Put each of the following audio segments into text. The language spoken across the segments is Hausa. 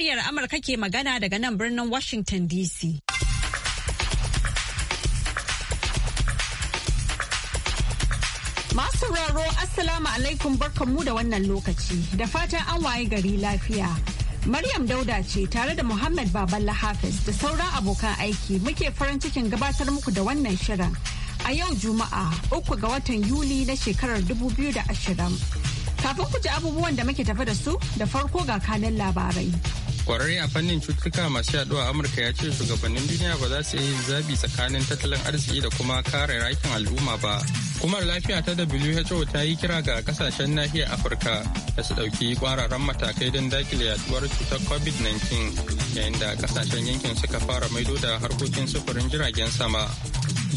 muryar Amurka ke magana daga nan birnin Washington DC. Masu raro Assalamu alaikum barkanmu da wannan lokaci da fatan an waye gari lafiya. Maryam Dauda ce tare da Muhammad Baballa Hafiz da sauran abokan aiki muke farin cikin gabatar muku da wannan shirin. a yau juma'a uku ga watan yuli na shekarar 2020 kafin ku ji abubuwan da muke tafi da su da farko ga kanin labarai kwararre a fannin cututtuka masu yaduwa amurka ya ce shugabannin duniya ba za su iya zabi tsakanin tattalin arziki da kuma kare rakin al'umma ba Kuma lafiya ta who ta yi kira ga kasashen nahiyar afirka da su ɗauki kwararren matakai don dakile yaduwar cutar covid-19 yayin da kasashen yankin suka fara maido da harkokin sufurin jiragen sama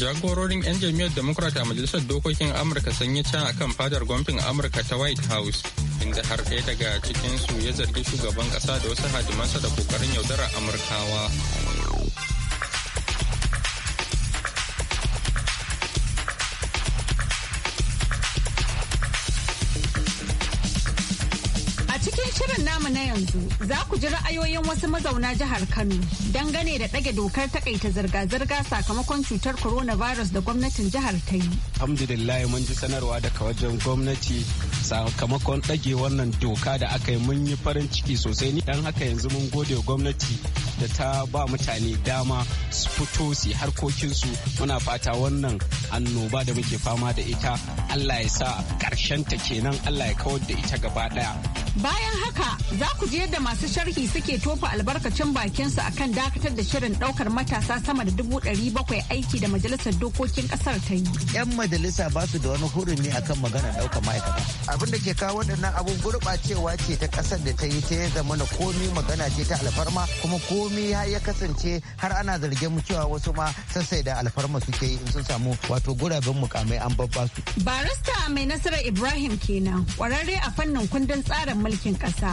jagororin 'yan Jami'ar democrat a majalisar dokokin amurka sun yi can akan fadar gwamfin amurka ta white house inda har ɗaya daga cikinsu ya zargi shugaban ƙasa da wasu hadimansa da ƙoƙarin yaudarar amurkawa shirin namu na yanzu za ku ji ra'ayoyin wasu mazauna jihar Kano dangane da ɗage dokar taƙaita zirga-zirga sakamakon cutar coronavirus da gwamnatin jihar ta yi. Alhamdulillah mun ji sanarwa daga wajen gwamnati sakamakon ɗage wannan doka da aka yi mun yi farin ciki sosai ni dan haka yanzu mun gode gwamnati da ta ba mutane dama su fito su harkokinsu muna fata wannan annoba da muke fama da ita allah ya sa ta kenan allah ya kawar da ita gaba ɗaya Bayan haka za ku ji yadda masu sharhi suke tofa albarkacin bakinsu kan dakatar da shirin daukar matasa sama da dubu ɗari bakwai aiki da majalisar dokokin ƙasar ta yi. 'Yan majalisa ba su da wani hurumi akan magana daukar ma'aikata. Abin da ke kawo waɗannan abun gurɓacewa ce ta ƙasar da ta yi ta ya zama na komi magana ce ta alfarma kuma komi ya kasance har ana zargin mu cewa wasu ma sassai da alfarma suke yi in sun samu wato guraben mukamai an babba su. Barista mai nasarar Ibrahim kenan kwararre a fannin kundin tsarin mulkin ƙasa.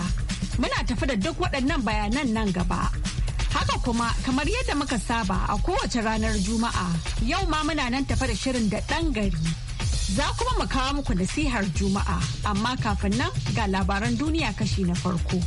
Muna tafi da duk waɗannan bayanan nan gaba. Haka kuma kamar yadda muka saba a kowace ranar Juma'a yau ma muna nan tafi da shirin da ɗan gari. Za kuma mu kawo muku nasihar Juma'a amma kafin nan ga labaran duniya kashi na farko.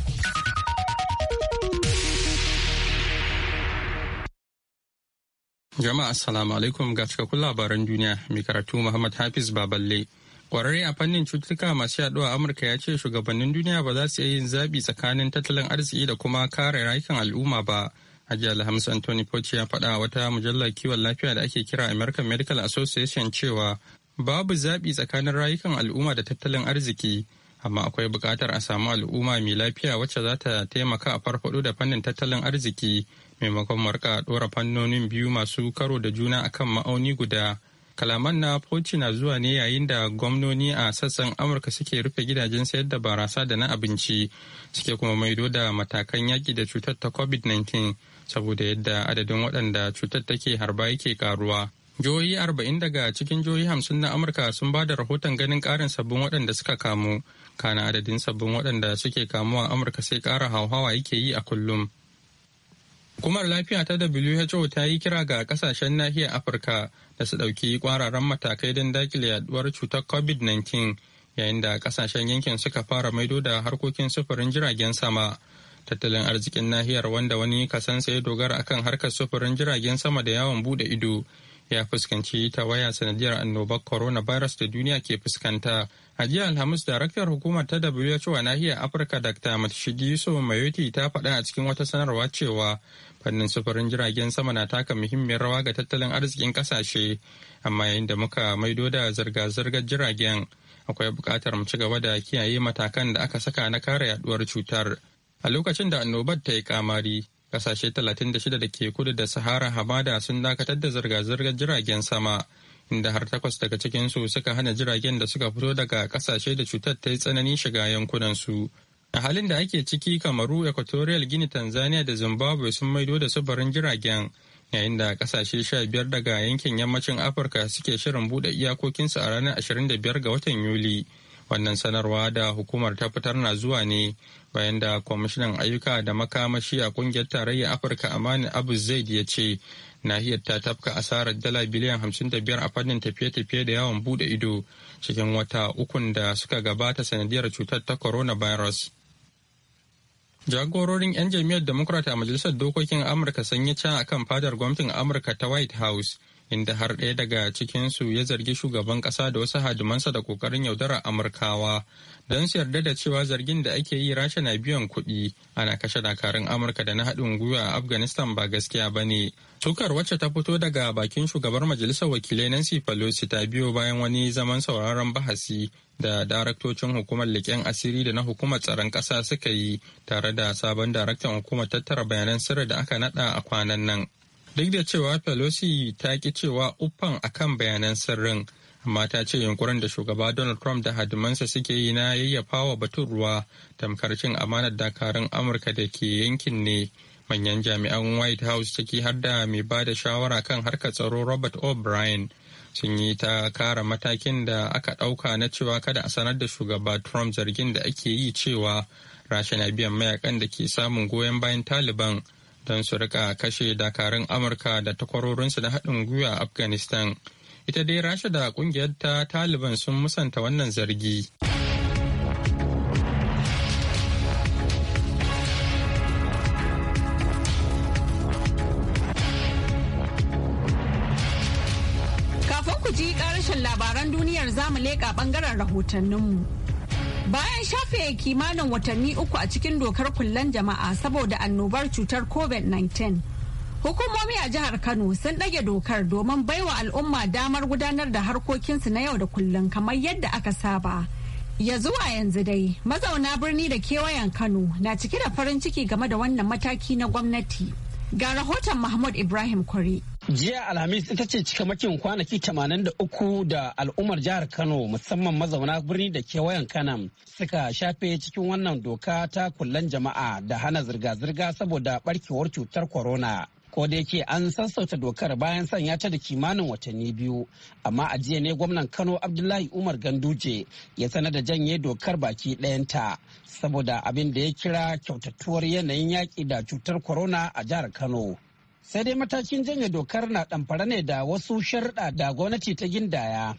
Jama'a assalamu alaikum ga cikakkun labaran duniya mai karatu Muhammad Hafiz Baballe. Kwararre a fannin cututtuka masu yaduwa Amurka ya ce shugabannin duniya ba za su iya yin zabi tsakanin tattalin arziki da kuma kare rayukan al'umma ba. hajji Alhamis Anthony Fauci ya faɗa wata mujallar kiwon lafiya da ake kira American Medical Association cewa babu zabi tsakanin rayukan al'umma da tattalin arziki. amma akwai buƙatar a samu al'umma mai lafiya wacce za ta taimaka a farfaɗo da fannin tattalin arziki maimakon marka ɗora fannonin biyu masu karo da juna akan ma'auni guda kalaman na foci na zuwa ne yayin da gwamnoni a sassan Amurka suke rufe gidajen sayar da barasa da na abinci suke kuma maido da matakan yaƙi da cutar ta COVID-19 saboda yadda adadin waɗanda cutar take harba yake karuwa. Jihohi arba'in daga cikin jihohi hamsin na Amurka sun ba da rahoton ganin ƙarin sabbin waɗanda suka kamu. Kana adadin sabbin waɗanda suke kamuwa Amurka sai ƙara hauhawa yake yi a kullum. Hukumar lafiya ta WHO ta yi kira ga kasashen nahiyar Afirka da su ɗauki kwararan matakai don dakile yaduwar cutar COVID-19 yayin da kasashen yankin suka fara maido da harkokin sufurin jiragen sama. Tattalin arzikin nahiyar wanda wani kasansa ya dogara akan harkar sufurin jiragen sama da yawon bude ido ya fuskanci ta tawaya sanadiyar annobar coronavirus da duniya ke fuskanta a jiya alhamis daraktar hukumar ta who a nahiyar afirka dr yusuf mayoti ta faɗa a cikin wata sanarwa cewa fannin sufurin jiragen sama na taka muhimmiyar rawa ga tattalin arzikin kasashe amma yayin da muka maido da zirga-zirgar jiragen akwai buƙatar mu ci gaba da kiyaye matakan da aka saka na kare yaduwar cutar a lokacin da annobar ta yi kamari Ƙasashe 36 da ke kudu da Sahara Hamada sun dakatar da zirga-zirgar jiragen sama, inda har takwas daga cikinsu suka hana jiragen da suka fito daga ƙasashe da cutar ta yi tsanani shiga yankunansu. A halin da ake ciki Kamaru, Equatorial Guinea, Tanzania da Zimbabwe sun maido da subarin jiragen, yayin da ƙasashe 15 daga yankin yammacin Afirka suke shirin buɗe iyakokinsu a ranar 25 ga watan Yuli. wannan sanarwa da hukumar ta fitar na zuwa ne bayan da kwamishinan ayyuka da makamashi a kungiyar tarayyar afirka amani abu zaid ya ce nahiyar ta tafka asarar dala biliyan 55 a fannin tafiye-tafiye da yawon bude ido cikin wata ukun da suka gabata sanadiyar cutar ta coronavirus jagororin 'yan jam'iyyar democrat a majalisar dokokin amurka sun yi ca akan fadar gwamnatin amurka ta white house inda har ɗaya daga cikinsu ya zargi shugaban ƙasa da wasu hadimansa da ƙoƙarin yaudarar amurkawa don su yarda da cewa zargin da ake yi rasha na biyan kuɗi ana kashe dakarun amurka da na haɗin gwiwa a afghanistan ba gaskiya ba ne tukar wacce ta fito daga bakin shugabar majalisar wakilai nancy pelosi ta biyo bayan wani zaman sauraron bahasi da daraktocin hukumar leƙen asiri da na hukumar tsaron ƙasa suka yi tare da sabon daraktan hukumar tattara bayanan sirri da aka naɗa a kwanan nan Duk da cewa Pelosi ta ki cewa uffan akan bayanan sirrin, amma ta ce yunkurin da shugaba Donald Trump da hadimansa suke yi na yayyafawa batun ruwa tamkar cin amanar dakarun Amurka da ke yankin ne. Manyan jami'an White House ciki har da mai ba da shawara kan harkar tsaro Robert O'Brien. sun yi ta kara matakin da aka ɗauka na cewa kada a sanar da shugaba Trump zargin da ake yi cewa rasha na biyan mayakan da ke samun goyon bayan Taliban don su rika kashe dakarun amurka da takwarorinsu na haɗin gwiwa a afghanistan ita dai rasha da kungiyar ta taliban sun musanta wannan zargi kafin ku ji ƙarashin labaran duniyar zamu leƙa ɓangaren rahotanninmu Bayan shafe kimanin watanni uku a cikin dokar kullen jama'a saboda annobar cutar COVID-19. Hukumomi a jihar Kano sun ɗage dokar domin baiwa al'umma damar gudanar da harkokinsu na yau da kullum kamar yadda aka saba. Ya zuwa yanzu dai mazauna birni da kewayen Kano na cike da farin ciki game da wannan mataki na gwamnati. Ga rahoton Mahmud Ibrahim Kwari. Jiya Alhamis ita ce cikamakin kwanaki 83 da al'ummar jihar Kano musamman mazauna birni da kewayen kanan suka shafe cikin wannan doka ta kullan jama'a da hana zirga-zirga saboda barkewar cutar corona. ko da yake an sassauta dokar bayan sanya ta da kimanin watanni biyu amma a jiya ne gwamnan kano abdullahi umar ganduje ya sanar da janye dokar baki ɗayanta saboda abin da ya kira kyautatuwar yanayin yaƙi da cutar corona a jihar kano sai dai matakin janye dokar na ɗamfara ne da wasu sharɗa da gwamnati ta gindaya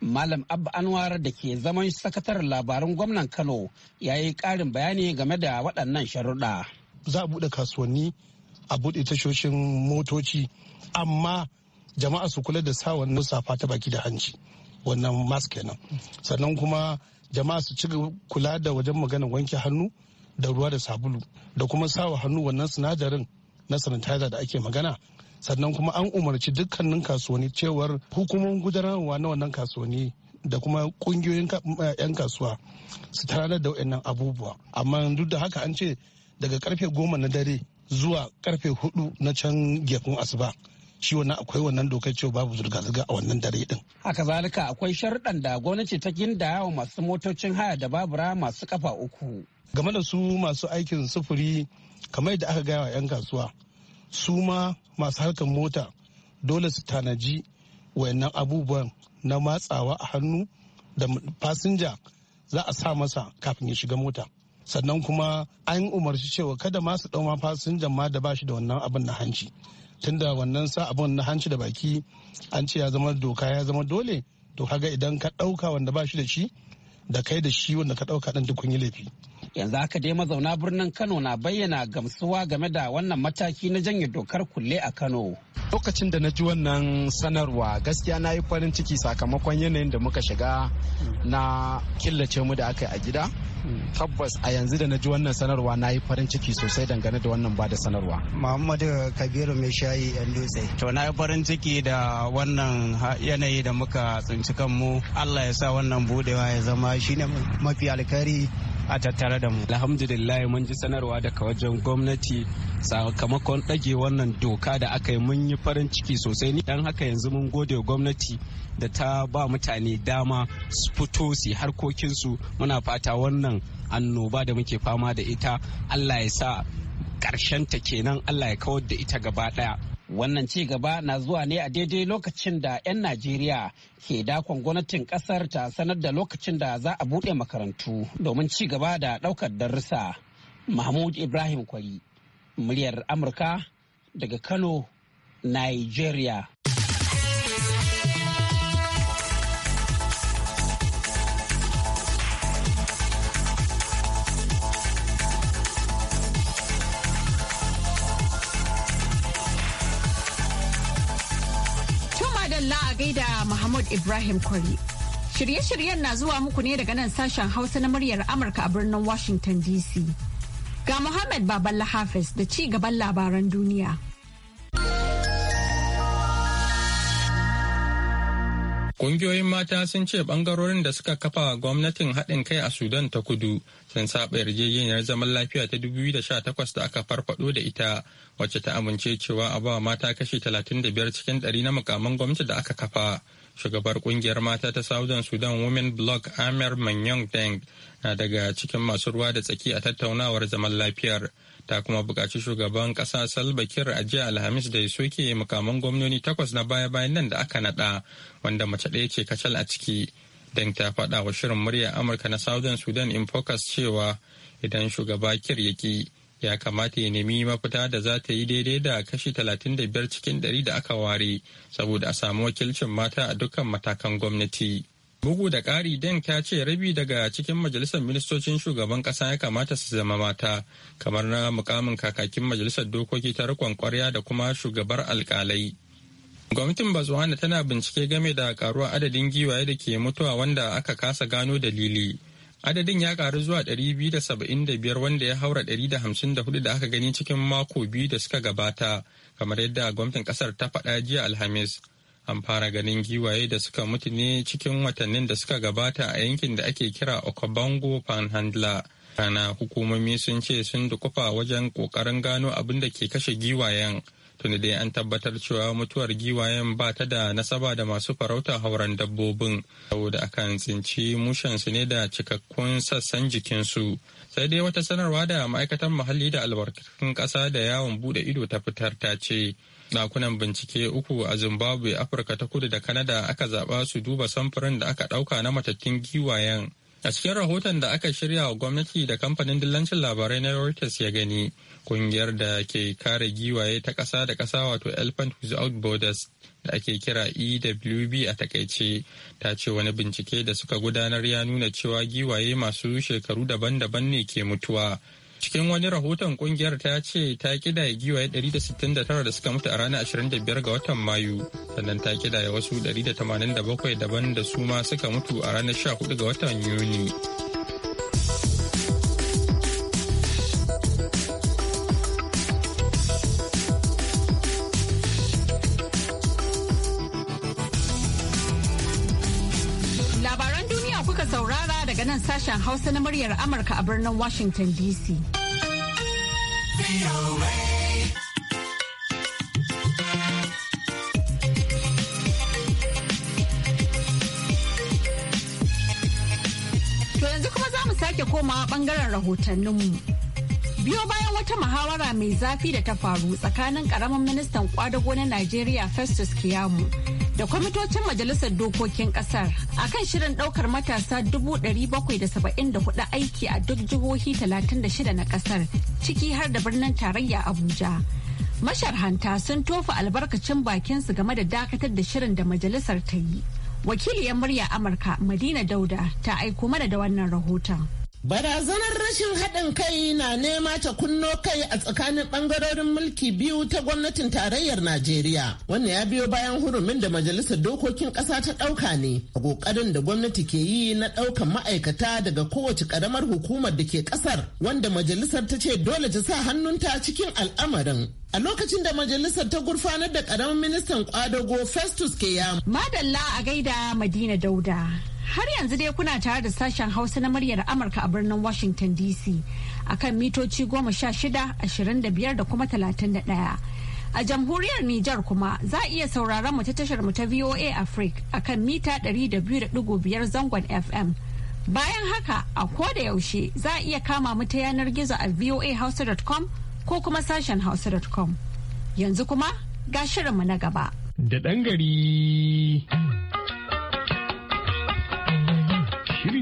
malam abba anwar da ke zaman sakatar labarin gwamnan kano ya yi ƙarin bayani game da waɗannan sharuɗa za a buɗe kasuwanni a buɗe tashoshin motoci amma jama'a su kula da sa wannan safa ta baki da hanci wannan mask kenan sannan kuma jama'a su ci kula da wajen maganar wanke hannu da ruwa da sabulu da kuma sawa hannu wannan sinadarin na sanitizer da ake magana sannan kuma an umarci dukkanin kasuwanni cewar hukumomin gudanarwa na wannan kasuwanni da kuma kungiyoyin 'yan eh, kasuwa su tarar da waɗannan abubuwa amma duk da haka an ce daga karfe goma na dare zuwa karfe hudu na can gefen asuba shi wannan akwai wannan dokar cewa babu zirga-zirga a wannan dare din. Haka zalika akwai sharɗan da gwamnati ta da wa masu motocin haya da babura masu kafa uku. Game da su masu aikin sufuri kamar da aka gaya wa 'yan kasuwa su ma masu harkar mota dole su tanaji wayannan abubuwan na matsawa a hannu da fasinja za a sa masa kafin ya shiga mota. sannan kuma an umarci cewa kada masu su ɗauma fasinjan ma da bashi da wannan abin na hanci tunda wannan sa abun na hanci da baki an ce ya zama doka ya zama dole to kaga idan ka ɗauka wanda ba shi da shi da kai da shi wanda ka ɗauka ɗan duk kun yi laifi yanzu aka dai mazauna birnin kano na bayyana gamsuwa game da wannan mataki na janye dokar kulle a kano lokacin da na ji wannan sanarwa gaskiya na yi farin ciki sakamakon yanayin da muka shiga na killace mu da aka yi a gida tabbas a yanzu da na ji wannan sanarwa na yi farin ciki sosai dangane da wannan bada sanarwa muhammadu kabiru mai shayi yan dutse to na yi farin ciki da wannan yanayi da muka tsinci kanmu allah ya sa wannan budewa ya zama shine mafi alkari a tattare da mu alhamdulillah mun ji sanarwa daga wajen gwamnati sakamakon ɗage wannan doka da aka yi mun yi farin ciki sosai ni dan haka yanzu mun gode gwamnati da ta ba mutane dama su fito su harkokinsu muna fata wannan annoba da muke fama da ita allah ya sa ta kenan allah ya kawar da ita gaba ɗaya Wannan ci gaba na zuwa ne a daidai lokacin da 'yan Najeriya ke dakon gwamnatin kasar ta sanar da lokacin da za a bude makarantu domin ci gaba da ɗaukar darussa. Mahmud Ibrahim Kwari, muryar Amurka daga Kano, Nigeria. madalla a gaida Muhammad Ibrahim Kwari. Shirye-shiryen na zuwa muku ne daga nan sashen Hausa na muryar Amurka a birnin Washington DC. Ga Muhammad Baballa Hafiz da ci gaban labaran duniya. ƙungiyoyin mata sun ce bangarorin da suka kafa gwamnatin haɗin kai a Sudan ta kudu sun saɓa yarjejeniyar zaman lafiya ta 2018 da aka farfaɗo da ita wacce ta amince cewa a ba mata kashi 35 cikin 100 na mukaman gwamnati da aka kafa. Shugabar ƙungiyar mata ta Southern Sudan Women Bloc Amir Manyong Deng na daga cikin masu ruwa da tsaki a tattaunawar zaman lafiyar. ta kuma buƙaci shugaban ƙasa salba kir a jiya alhamis da ya soke mukaman gwamnoni takwas na baya-bayan nan da aka naɗa wanda mace ɗaya ce kacal a ciki deng ta faɗa wa shirin murya amurka na southern sudan in focus cewa idan shugaba kir ya ki ya kamata ya nemi mafita da za ta yi daidai da kashi 35 cikin 100 da aka ware saboda a samu wakilcin mata a dukkan matakan gwamnati. Bugu da ƙari Deng ta ce rabi daga cikin majalisar ministocin shugaban ƙasa ya kamata su zama mata, kamar na mukamin kakakin majalisar dokoki ta rikon kwarya da kuma shugabar alƙalai. Gwamnatin Botswana tana bincike game da karuwa adadin giwaye da ke mutuwa wanda aka kasa gano dalili. Adadin ya karu zuwa biyar wanda ya haura 154 da da hudu aka gani cikin mako biyu da suka gabata, kamar yadda gwamnatin ƙasar ta faɗa jiya Alhamis. an fara ganin giwaye da suka mutu ne cikin watannin da suka gabata a yankin da ake kira okobango panhandla kana hukumomi sun ce sun dukufa wajen kokarin gano abin da ke kashe giwayen tuni dai an tabbatar cewa mutuwar giwayen ba ta da nasaba da masu farauta hauren dabbobin saboda akan tsinci mushensu ne da cikakkun sassan jikinsu sai dai wata sanarwa da ma'aikatan muhalli da albarkatun ƙasa da yawon bude ido ta fitar ta ce Ɗakunan bincike uku a Zimbabwe, Afirka ta kudu da Kanada aka zaɓa su duba samfurin da aka ɗauka na matattun giwayen. A cikin rahoton da aka shirya wa gwamnati da kamfanin dillancin labarai na Reuters ya gani, kungiyar da ke kare giwaye ta ƙasa da ƙasa wato Elephant Without Borders da ake kira EWB a takaice, ta ce wani bincike da suka gudanar ya nuna cewa giwaye masu shekaru daban-daban ne ke mutuwa. Cikin wani rahoton kungiyar ta ce ta kidaya giwaye 169 da suka mutu a ranar 25 ga watan Mayu, sannan ta kidaya wasu 187 daban da su ma suka mutu a ranar 14 ga watan Yuni. nan sashen Hausa na muryar Amurka a birnin Washington DC. To yanzu kuma za mu sake komawa bangaren rahotanninmu. biyo bayan wata muhawara mai zafi da ta faru tsakanin karamin ministan kwadago na Najeriya Festus Kiyamu da kwamitocin majalisar dokokin kasar a kan shirin daukar matasa 774 aiki a duk jihohi 36 na kasar ciki har da birnin tarayya abuja masharhanta sun tofa albarkacin bakinsu game da dakatar da shirin da majalisar ta yi wakiliyar murya amurka madina dauda ta aiko mana da wannan rahoton Barazanar rashin haɗin kai na nema ta kunno kai a tsakanin ɓangarorin mulki biyu ta gwamnatin tarayyar Najeriya. Wannan ya biyo bayan hurumin da Majalisar Dokokin Ƙasa ta ɗauka ne a ƙoƙarin da gwamnati ke yi na ɗaukan ma'aikata daga kowace ƙaramar hukumar da ke ƙasar wanda majalisar ta ce dole ta sa hannunta cikin al'amarin. a lokacin da majalisar ta gurfanar da ƙaramin ministan ƙwadago festus ke madalla a gaida madina dauda Har yanzu dai kuna tare da sashen Hausa na muryar Amurka a birnin Washington DC akan mitoci goma sha shida, ashirin da biyar da kuma talatin da ɗaya. A jamhuriyar Nijar kuma za a iya sauraron mu ta tashar mu ta VOA Africa akan mita ɗari da 200.5 zangon FM. Bayan haka a koda yaushe za a iya kama mu ta yanar gizo a voahausa.com ko kuma sashen hausa.com. Yanzu kuma ga shirinmu na gaba. Da ɗan gari.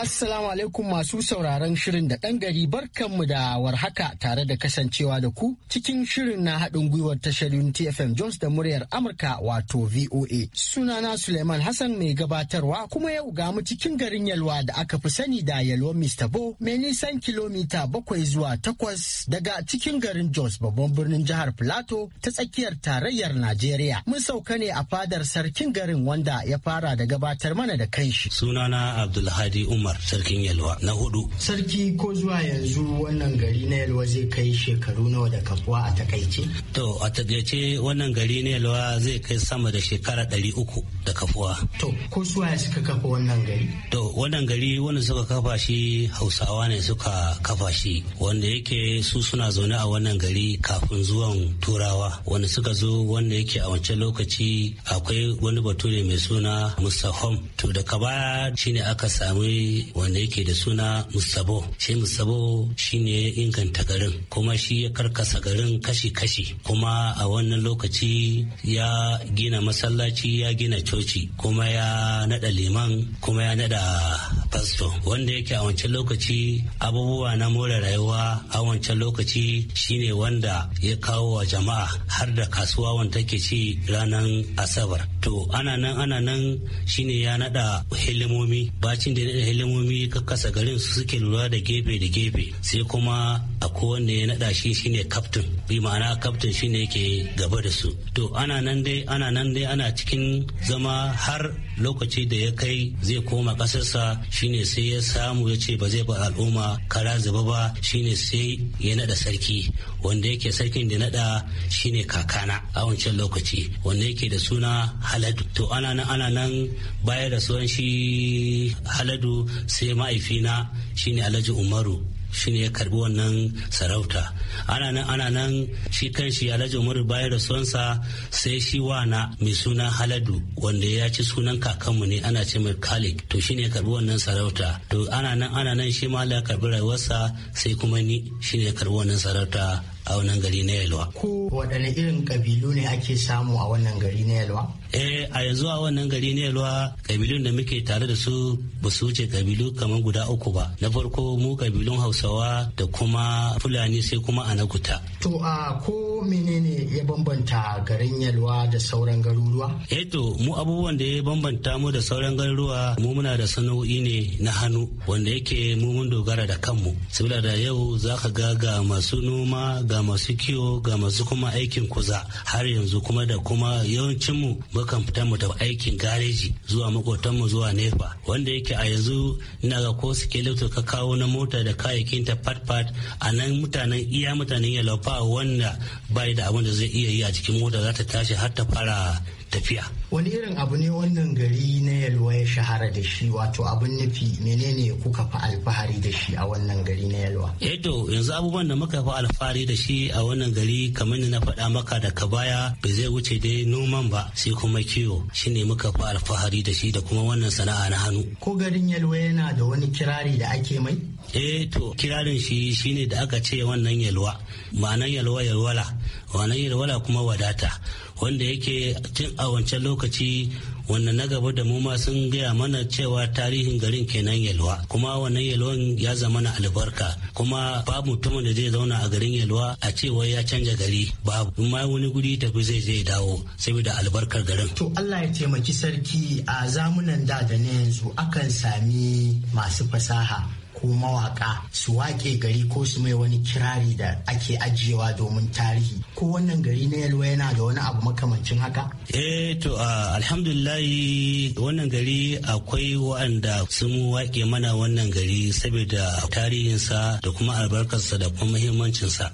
Assalamu alaikum masu sauraron shirin da ɗan gari barkanmu da warhaka tare da kasancewa da ku cikin shirin na haɗin gwiwar tashar TFM Jones da muryar Amurka wato VOA. Sunana Suleiman Hassan mai gabatarwa kuma yau ga mu cikin garin Yalwa da aka fi sani da Yalwa Mr. Bo mai nisan kilomita bakwai zuwa takwas daga cikin garin Jos babban birnin jihar Filato ta tsakiyar tarayyar Najeriya. Mun sauka ne a fadar sarkin garin wanda ya fara da gabatar mana da kanshi. Sunana Abdulhadi Umar umar sarkin yalwa na hudu sarki ko zuwa yanzu wannan gari na yalwa zai kai shekaru nawa da kafuwa a takaice to a takaice wannan gari na yalwa zai kai sama da shekara ɗari uku da kafuwa to ko zuwa suka kafa wannan gari to wannan gari wanda suka kafa shi hausawa ne suka kafa shi wanda yake su suna zaune a wannan gari kafin zuwan turawa wanda suka zo wanda yake a wancan lokaci akwai wani bature mai suna Hom. to daga baya shine aka sami wanda yake da suna Mustabo. Shi Mustabo shine ya inganta garin kuma shi ya karkasa garin kashi-kashi kuma a wannan lokaci ya gina masallaci ya gina coci kuma ya nada liman kuma ya nada fasto wanda yake a wancan lokaci abubuwa na more rayuwa a wancan lokaci shine wanda ya kawo wa jama'a har da kasuwa wanda ke ci ranar asabar to ana nan ana nan shine ya nada hilimomi bacin da ya nada hukumomi kasa garin su suke lura da gefe da gefe sai kuma a wanda ya naɗa shi shine kaftin bi ma'ana kaftin shine yake gaba da su to ana nan dai ana nan dai ana cikin zama har lokaci da ya kai zai koma kasarsa shine sai ya samu ya ce ba zai ba al'umma kara zuba ba shine sai ya naɗa sarki wanda yake sarkin da naɗa shine kakana a wancan lokaci wanda yake da suna haladu to ana nan ana nan bayar da suwan shi haladu sai ma'aifina shine alhaji umaru shine ya karbi wannan sarauta ana nan ana nan shi kanshi alhaji umaru bayan rasuwansa sai shi wa na mai suna haladu wanda ya ci sunan kakanmu ne ana ce mai kalik to shine ya karbi wannan sarauta to ana nan ana nan shi ma ya karbi rayuwarsa sai kuma ni shine ya karbi wannan sarauta a wannan gari na yalwa. Ko waɗanne irin ƙabilu ne ake samu a wannan gari na yalwa? Eh a yanzu a wannan gari na yalwa ƙabilun da muke tare da su ba su wuce ƙabilu kamar guda uku ba. Na farko mu ƙabilun Hausawa da kuma Fulani sai kuma Anakuta. To a ko menene ya bambanta garin yalwa da sauran garuruwa? Eto eh mu abubuwan da ya bambanta mu da sauran garuruwa mu muna da sana'o'i ne na hannu wanda yake mu mun dogara da kanmu. Saboda da yau za ka ga ga masu noma ga masu kiwo ga masu kuma aikin kuza har yanzu kuma da kuma yawancin mu mukan fita mu aikin gareji zuwa makotan mu zuwa nefa wanda yake a yanzu ina ga ko skeleto ka kawo na mota da kayayyakin ta fat fat a nan mutanen iya mutanen yalwa wanda bai da abin da zai iya yi a cikin mota za ta tashi har ta fara tafiya. Wani irin abu ne wannan gari na yalwa ya shahara da shi wato abun nufi menene kuka fi alfahari da shi a wannan gari na yalwa? Edo eh yanzu abubuwan da muka fi alfahari da shi a wannan gari kamar na faɗa maka da ka baya bai zai wuce dai noman ba sai kuma kiwo shine muka fi alfahari da shi da kuma wannan sana'a na hannu. Ko garin yalwa yana da wani kirari da ake mai? eh to kirarin shi shine da aka ce wannan yalwa ma'anan yalwa yalwala wannan yalwala kuma wadata wanda yake tun a wancan lokaci wanda na gaba da mu ma sun gaya mana cewa tarihin garin kenan yalwa kuma wannan yalwan ya zama na albarka kuma babu mutumin da zai zauna a garin yalwa a cewa ya canja gari babu ma wani guri tafi zai zai dawo saboda albarkar garin to Allah ya taimaki sarki a zamunan da da na yanzu akan sami masu fasaha ko mawaka su wake gari ko su mai wani kirari da ake ajiyewa domin tarihi ko wannan gari na yalwa yana da wani abu makamancin haka eh to alhamdulillahi wannan gari akwai wa'anda sun wake mana wannan gari saboda tarihinsa da kuma albarkarsa da kuma muhimmancinsa.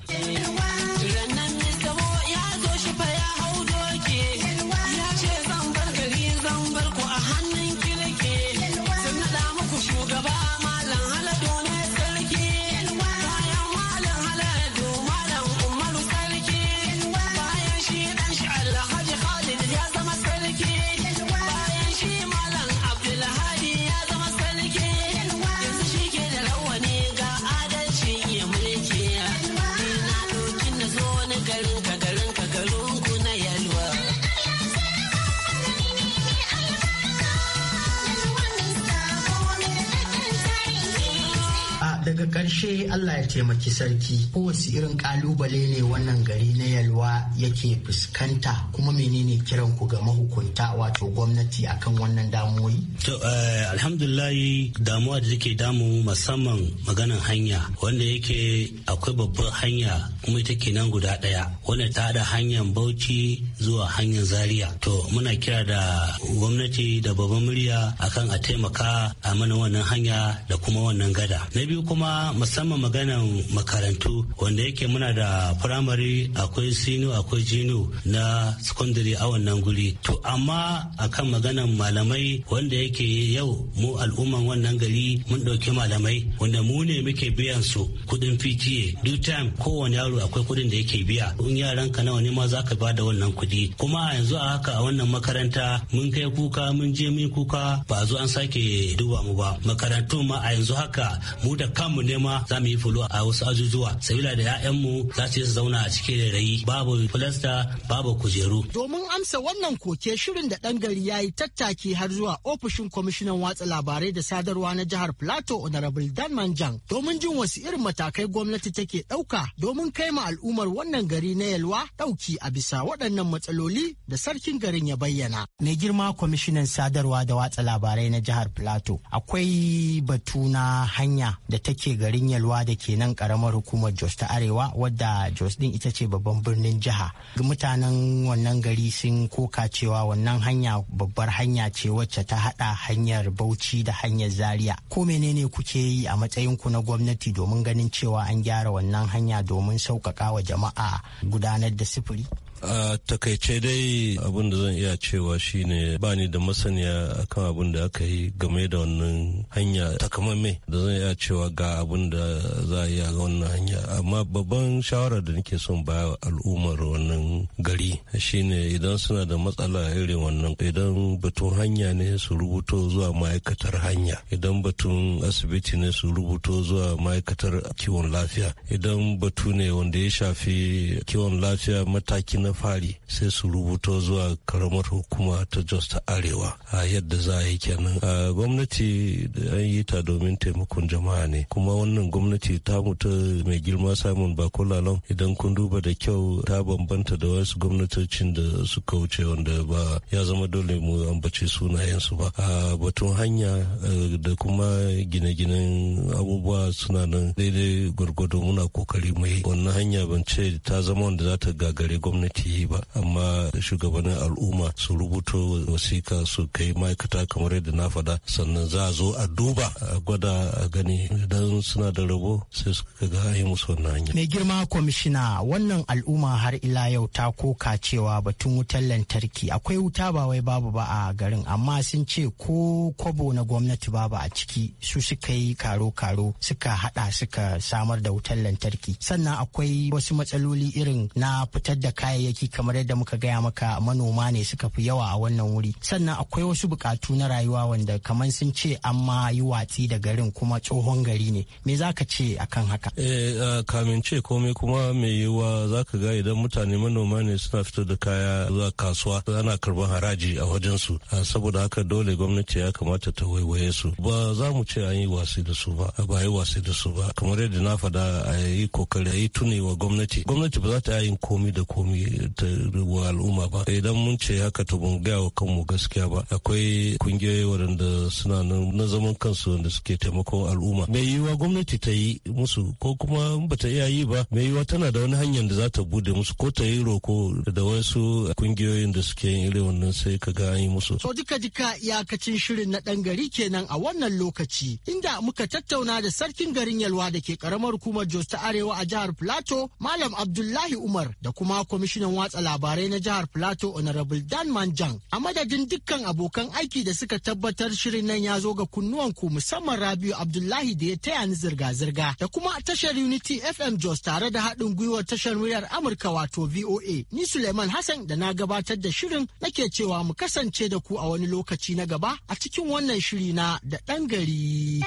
taimaki sarki kowace irin kalubale ne wannan gari na yalwa yake fus Kanta kuma menene kiran ku ga mahukunta wato gwamnati akan wannan damuwoyi? To eh, alhamdulillah damuwa da take damu musamman maganan hanya wanda yake akwai babbar hanya kuma ita nan guda ɗaya wanda ta da hanyar Bauchi zuwa hanyar Zaria. To muna kira da gwamnati da babban murya akan a taimaka a mana wannan hanya da kuma wannan gada. Na biyu kuma musamman maganan makarantu wanda yake muna da firamare akwai sino akwai jino na secondary a wannan guri to amma akan maganan malamai wanda yake yau mu al'umman wannan gari mun ɗauki malamai wanda mu ne muke biyan su kuɗin PTA duk time kowane yaro akwai kuɗin da yake biya in yaran ka nawa ne ma za ka ba da wannan kuɗi kuma yanzu a haka a wannan makaranta mun kai kuka mun je mun kuka ba zo an sake duba mu ba makarantun ma a yanzu haka mu da kanmu ne ma za mu yi fulo a wasu ajujuwa sabila da 'ya'yanmu za su yi su zauna a cikin rayi babu filasta babu kujeru. Domin amsa wannan koke shirin da ɗan gari ya yi tattaki har zuwa ofishin kwamishinan watsa labarai da sadarwa na jihar Plateau Honorable Dan Manjan domin jin wasu irin matakai gwamnati take ɗauka domin kai ma al'ummar wannan gari na Yalwa ɗauki a bisa waɗannan matsaloli da sarkin garin ya bayyana. Mai girma kwamishinan sadarwa da watsa labarai na jihar Plateau akwai batu na hanya da take garin Yalwa da ke nan ƙaramar hukumar Jos ta Arewa wadda Jos ɗin ita ce babban birnin jiha. Mutanen mutanen wannan gari sun koka cewa wannan hanya babbar hanya ce wacce ta hada hanyar bauchi da hanyar zaria ko menene kuke yi a matsayinku na gwamnati domin ganin cewa an gyara wannan hanya domin sauƙaƙa wa jama'a gudanar da sufuri a takaice dai abin da zan iya cewa shine Bani da masaniya akan abin da aka yi game da wannan hanya takamaimai da zan iya cewa ga abin da za a yi a wannan hanya amma babban shawara da nake son ba al'ummar wannan gari shine idan suna da matsala irin wannan idan batun hanya ne su rubuto zuwa ma'aikatar hanya idan batun asibiti ne su rubuto zuwa ma'aikatar kiwon lafiya idan batu ne wanda ya shafi kiwon lafiya matakin na fari sai su rubuto zuwa karamar hukuma ta jos ta arewa a yadda za a yi kenan a gwamnati an yi ta domin taimakon jama'a ne kuma wannan gwamnati ta mutu mai girma samun bakulalon idan kun duba da kyau ta bambanta da wasu gwamnatocin da suka wuce wanda ba ya zama dole mu ambace sunayensu ba a batun hanya eh, da kuma gine-ginen abubuwa suna nan daidai gwargwado muna kokari mai wannan hanya ban ce ta zama wanda za ta gagare gwamnati ta yi ba amma shugabannin al'umma su rubuto wasika su kai ma'aikata kamar yadda na faɗa sannan za a zo a duba a gwada a gani idan suna da rabo sai su ga yi musu wannan hanya. mai girma kwamishina wannan al'umma har ila yau ta koka cewa batun wutar lantarki akwai wuta ba wai babu ba a garin amma sun ce ko kwabo na gwamnati babu a ciki su suka yi karo-karo suka hada suka samar da wutar lantarki sannan akwai wasu matsaloli irin na fitar da kayayyaki kayayyaki kamar yadda muka gaya maka manoma ne suka fi yawa a wannan wuri sannan akwai wasu bukatu na rayuwa wanda kamar sun ce an ma yi watsi da garin kuma tsohon gari ne me za ka ce akan haka eh kamin ce komai kuma mai yiwuwa za ka ga idan mutane manoma ne suna fito da kaya zuwa kasuwa ana karban haraji a wajen su saboda haka dole gwamnati ya kamata ta waiwaye su ba za mu ce an yi wasi da su ba ba yi wasi da su ba kamar yadda na faɗa a yi kokari a yi tuni gwamnati gwamnati ba za ta yi komi da komi ta wa al'umma ba idan mun ce haka to mun gaya wa kanmu gaskiya ba akwai kungiyoyi waɗanda suna nan na zaman kansu wanda suke taimakon al'umma me yiwuwa gwamnati ta yi musu ko kuma bata iya yi ba me yiwuwa tana da wani hanyar da za ta bude musu ko ta yi roko da wasu kungiyoyin da suke yin irin wannan sai ka ga an yi musu. so duka duka iyakacin shirin na ɗan gari kenan a wannan lokaci inda muka tattauna da sarkin garin yalwa da ke karamar hukumar jos ta arewa a jihar plateau malam abdullahi umar da kuma kwamishinan kwamishinan watsa labarai na jihar Plateau Honorable Dan Manjan a madadin dukkan abokan aiki da suka tabbatar shirin nan ya zo ga kunnuwan ku musamman Rabiu Abdullahi da ya taya ni zirga-zirga da kuma tashar Unity FM Jos tare da haɗin gwiwar tashar muryar Amurka wato VOA. Ni Suleiman Hassan da na gabatar da shirin nake cewa mu kasance da ku a wani lokaci na gaba a cikin wannan shiri na da ɗan gari.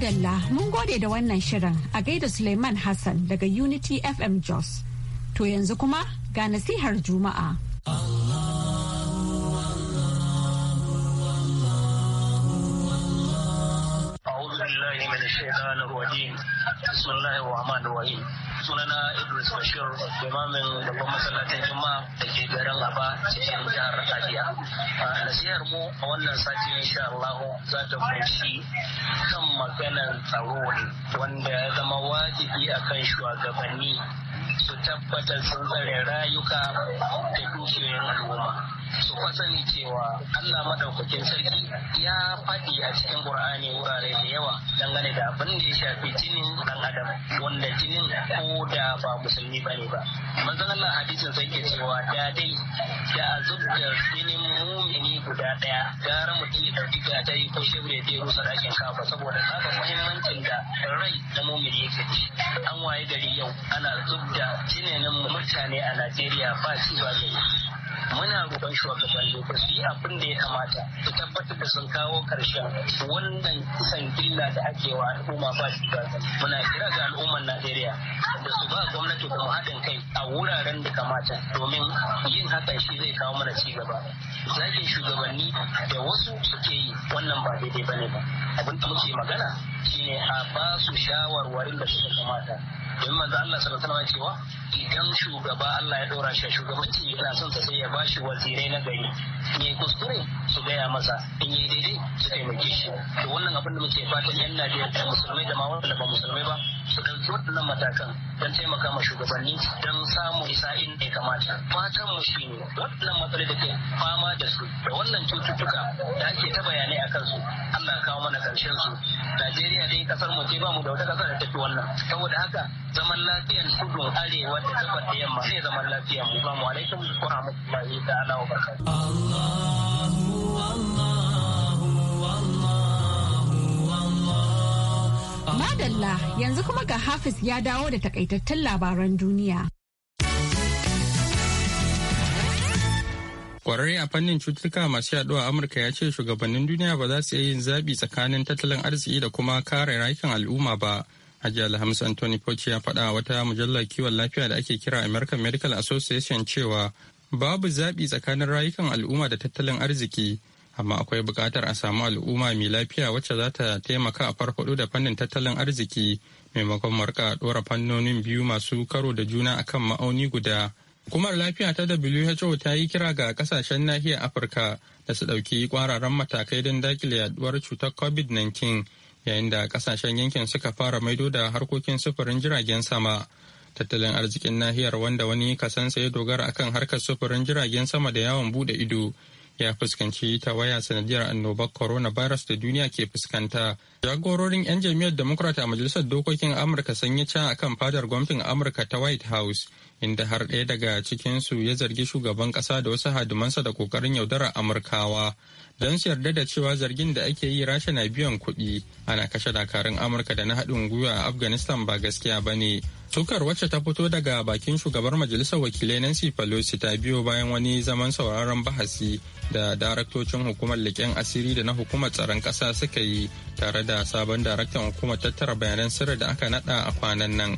Dalla mun gode da wannan shirin a gaida Suleiman Hassan daga Unity FM Jos. To yanzu kuma ga nasihar Juma'a. Allah. بالله من الشيطان الرجيم بسم الله الرحمن الرحيم sunana Idris Bashir limamin babban masallacin Juma'a da ke garin Aba cikin jihar A Nasihar mu a wannan sati insha Allah za ta kunshi kan maganar tsaro ne wanda ya zama wajibi akan shugabanni su tabbatar sun tsare rayuka da dukiyoyin al'umma. Su sani cewa Allah madaukakin sarki ya faɗi a cikin Qur'ani wurare da yawa dangane da abin da ya shafi jinin ɗan adam wanda jinin ko da ba musulmi bane ba manzon Allah hadisin sai ke cewa da dai da zubda jinin mumini guda daya gara mutum ya dauki dai ko shebre ya rusa ɗakin kafa saboda haka muhimmancin da rai na mumini yake ci an waye gari yau ana zubda jinin mutane a Najeriya ba shi ba gari muna roƙon shugaban Lagos su yi abin da ya kamata su tabbatar da sun kawo ƙarshen wannan kisan gilla da ake wa al'umma ba su ba muna kira ga al'ummar Najeriya da su ba gwamnati kuma haɗin kai a wuraren da kamata domin yin haka shi zai kawo mana ci gaba zagin shugabanni da wasu suke yi wannan ba daidai ba ne ba abin da muke magana shine a ba su shawarwarin da suka kamata domin manzo Allah sallallahu alaihi wasallam cewa idan shugaba Allah ya dora shi shugabanci yana son sa sai ya bashi wazirai na gari ne kuskure su gaya masa in yi daidai su taimake shi to wannan abin da muke fatan yan Najeriya da musulmai da ma wanda ba musulmai ba su ɗauki waɗannan matakan don taimaka ma shugabanni don samun isa'in in ya kamata fatan mu ne waɗannan matsalar da ke fama da su da wannan cututtuka da ake ta bayanai a kansu Allah kawo mana karshen su Najeriya dai kasar mu ce ba mu da wata kasar da tafi wannan saboda haka zaman lafiyan kudu arewa da gabar da yamma zai zaman lafiya mu ba mu alaikum wa rahmatullahi ta'ala wa barakatuh madalla yanzu kuma ga Hafiz ya dawo da takaitattun labaran duniya. Kwararre a fannin cututtuka masu yaduwa Amurka ya ce shugabannin duniya ba za su iya yin zaɓi tsakanin tattalin arziki da kuma kare rayukan al'umma ba. Hajji Alhamis Anthony Fauci ya faɗa wata mujallar kiwon lafiya da ake kira American Medical Association cewa babu zaɓi tsakanin rayukan al'umma da tattalin arziki amma akwai buƙatar a samu al'umma mai lafiya wacce za ta taimaka a farfaɗo da fannin tattalin arziki maimakon marka ɗora fannonin biyu masu karo da juna akan ma'auni guda hukumar lafiya ta who ta yi kira ga kasashen nahiyar afirka da su ɗauki kwararan matakai don dakile yaduwar cutar covid-19 yayin da ƙasashen yankin suka fara maido da harkokin sufurin jiragen sama tattalin arzikin nahiyar wanda wani kasansa ya dogara akan harkar sufurin jiragen sama da yawon buɗe ido ya fuskanci ta waya sanadiyar annobar corona coronavirus da duniya ke fuskanta. Jagororin 'yan jam'iyyar Democrat a Majalisar Dokokin Amurka sun yi can akan fadar gwamnatin Amurka ta White House inda har ɗaya daga cikinsu ya zargi shugaban ƙasa da wasu hadimansa da kokarin yaudarar amurkawa don su yarda da cewa zargin da ake yi rasha na biyan kuɗi ana kashe dakarun amurka da na haɗin gwiwa a afghanistan ba gaskiya ba ne sukar wacce ta fito daga bakin shugabar majalisar wakilai nancy pelosi ta biyo bayan wani zaman sauraron bahasi da daraktocin hukumar leƙen asiri da na hukumar tsaron ƙasa suka yi tare da sabon daraktan hukumar tattara bayanan sirri da aka naɗa a kwanan nan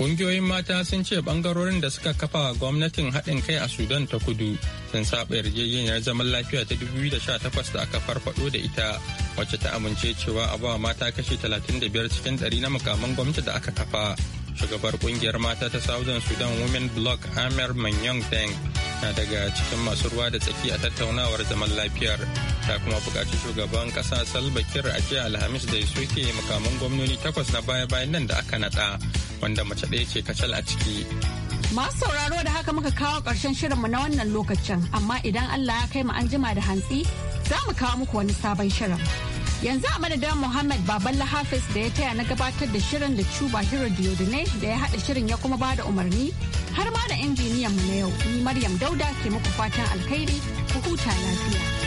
Ƙungiyoyin mata sun ce bangarorin da suka kafa gwamnatin haɗin kai a Sudan ta kudu sun saba yarjejeniyar zaman lafiya ta 2018 da aka farfado da ita wacce ta amince cewa a ba mata kashi 35 cikin 100 na mukaman gwamnati da aka kafa. Shugabar kungiyar mata ta Southern Sudan Women block amir Manyong Deng na daga cikin masu ruwa da tsaki a tattaunawar zaman lafiyar ta kuma buƙaci shugaban ƙasa Salva Kiir a jiya Alhamis da ya soke mukaman gwamnoni takwas na baya-bayan nan da aka naɗa. wanda mace ɗaya ce kacal a ciki. Masu sauraro da haka muka kawo ƙarshen shirinmu na wannan lokacin amma idan Allah ya kai mu an jima da hantsi za mu kawo muku wani sabon shirin. Yanzu a madadin Muhammad Baballa Hafiz da ya taya na gabatar da shirin da Cuba Hero Diodune da ya haɗa shirin ya kuma bada umarni har ma da injiniyan mu na yau ni Maryam Dauda ke muku fatan alkhairi ku huta lafiya.